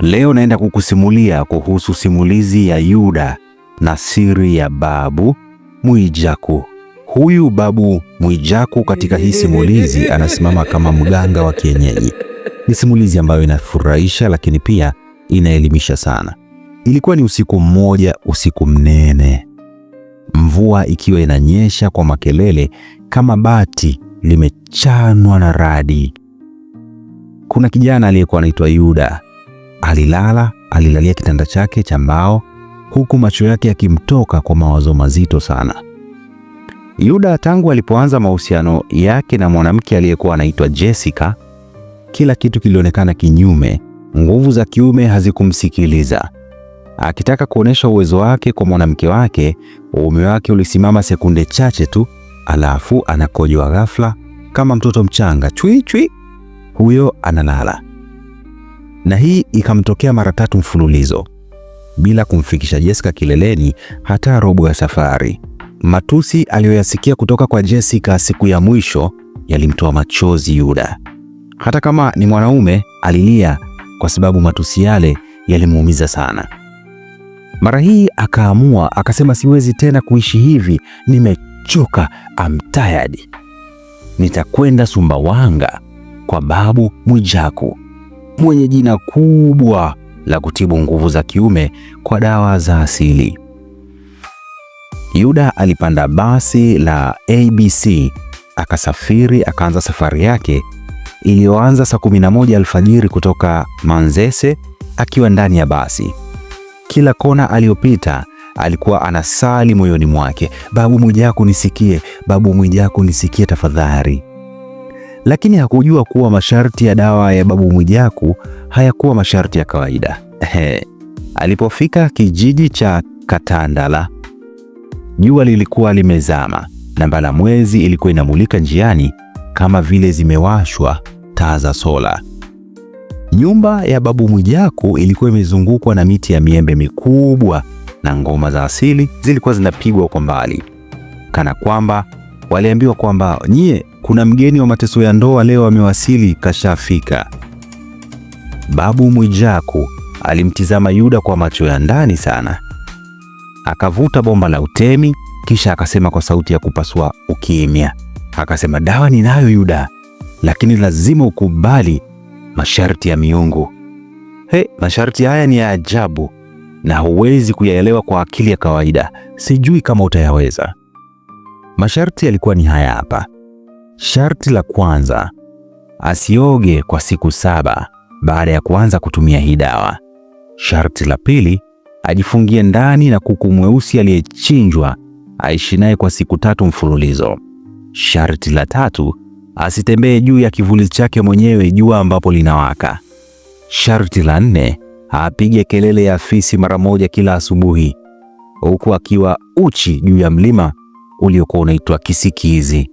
Leo naenda kukusimulia kuhusu simulizi ya Yuda na siri ya Babu Mwijaku. Huyu Babu Mwijaku katika hii simulizi anasimama kama mganga wa kienyeji. Ni simulizi ambayo inafurahisha lakini pia inaelimisha sana. Ilikuwa ni usiku mmoja, usiku mnene, mvua ikiwa inanyesha kwa makelele kama bati limechanwa na radi. Kuna kijana aliyekuwa anaitwa Yuda Alilala, alilalia kitanda chake cha mbao huku macho yake yakimtoka kwa mawazo mazito sana. Yuda tangu alipoanza mahusiano yake na mwanamke aliyekuwa anaitwa Jessica, kila kitu kilionekana kinyume. Nguvu za kiume hazikumsikiliza. Akitaka kuonesha uwezo wake kwa mwanamke wake, uume wake ulisimama sekunde chache tu, alafu anakojoa ghafla kama mtoto mchanga, chui chui, huyo analala na hii ikamtokea mara tatu mfululizo bila kumfikisha Jessica kileleni hata robo ya safari. Matusi aliyoyasikia kutoka kwa Jessica siku ya mwisho yalimtoa machozi Yuda. Hata kama ni mwanaume, alilia kwa sababu matusi yale yalimuumiza sana. Mara hii akaamua, akasema, siwezi tena kuishi hivi, nimechoka, I'm tired. Nitakwenda Sumbawanga kwa babu Mwijaku mwenye jina kubwa la kutibu nguvu za kiume kwa dawa za asili. Yuda alipanda basi la ABC akasafiri, akaanza safari yake iliyoanza saa 11 alfajiri kutoka Manzese akiwa ndani ya basi. Kila kona aliyopita alikuwa anasali moyoni mwake, babu Mwijaku nisikie, babu Mwijaku nisikie tafadhali lakini hakujua kuwa masharti ya dawa ya Babu Mwijaku hayakuwa masharti ya kawaida. Alipofika kijiji cha Katandala, jua lilikuwa limezama na mbala mwezi ilikuwa inamulika njiani kama vile zimewashwa taa za sola. Nyumba ya Babu Mwijaku ilikuwa imezungukwa na miti ya miembe mikubwa na ngoma za asili zilikuwa zinapigwa kwa mbali, kana kwamba waliambiwa kwamba nyie kuna mgeni wa mateso ya ndoa leo amewasili, kashafika. Babu Mwijaku alimtizama Yuda kwa macho ya ndani sana, akavuta bomba la utemi, kisha akasema kwa sauti ya kupasua ukimya, akasema, dawa ninayo Yuda, lakini lazima ukubali masharti ya miungu. He, masharti haya ni ya ajabu na huwezi kuyaelewa kwa akili ya kawaida. Sijui kama utayaweza. Masharti yalikuwa ni haya hapa. Sharti la kwanza, asioge kwa siku saba baada ya kuanza kutumia hii dawa. Sharti la pili, ajifungie ndani na kuku mweusi aliyechinjwa aishi naye kwa siku tatu mfululizo. Sharti la tatu, asitembee juu ya kivuli chake mwenyewe jua ambapo linawaka. Sharti la nne, apige kelele ya fisi mara moja kila asubuhi, huku akiwa uchi juu ya mlima uliokuwa unaitwa Kisikizi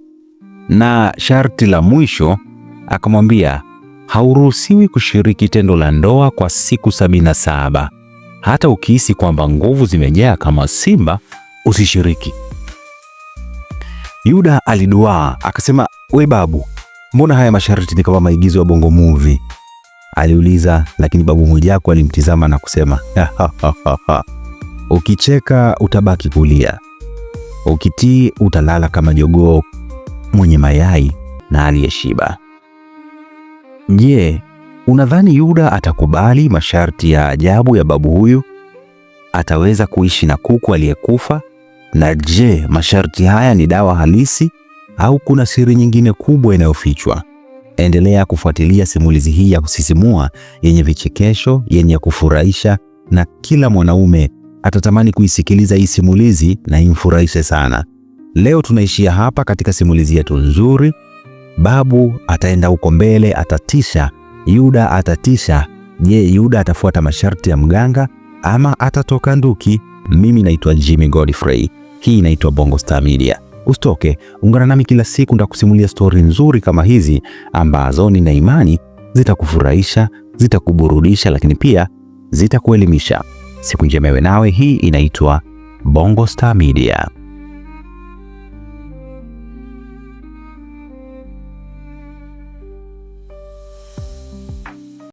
na sharti la mwisho akamwambia, hauruhusiwi kushiriki tendo la ndoa kwa siku sabini na saba. Hata ukihisi kwamba nguvu zimejaa kama simba, usishiriki. Yuda aliduaa akasema, we babu, mbona haya masharti ni kama maigizo ya bongo movie? Aliuliza, lakini babu Mwijaku alimtizama na kusema, ukicheka utabaki kulia, ukitii utalala kama jogoo mwenye mayai na aliyeshiba. Je, unadhani Yuda atakubali masharti ya ajabu ya babu huyu? Ataweza kuishi na kuku aliyekufa? Na je, masharti haya ni dawa halisi au kuna siri nyingine kubwa inayofichwa? Endelea kufuatilia simulizi hii ya kusisimua yenye vichekesho, yenye kufurahisha na kila mwanaume atatamani kuisikiliza hii simulizi na imfurahishe sana. Leo tunaishia hapa katika simulizi yetu nzuri. Babu ataenda huko mbele, atatisha Yuda, atatisha. Je, Yuda atafuata masharti ya mganga ama atatoka nduki? Mimi naitwa Jimmy Godfrey, hii inaitwa Bongo Star Media. Usitoke, ungana nami kila siku, ndakusimulia stori nzuri kama hizi ambazo nina imani zitakufurahisha, zitakuburudisha, lakini pia zitakuelimisha. Siku njemewe nawe. Hii inaitwa Bongo Star Media.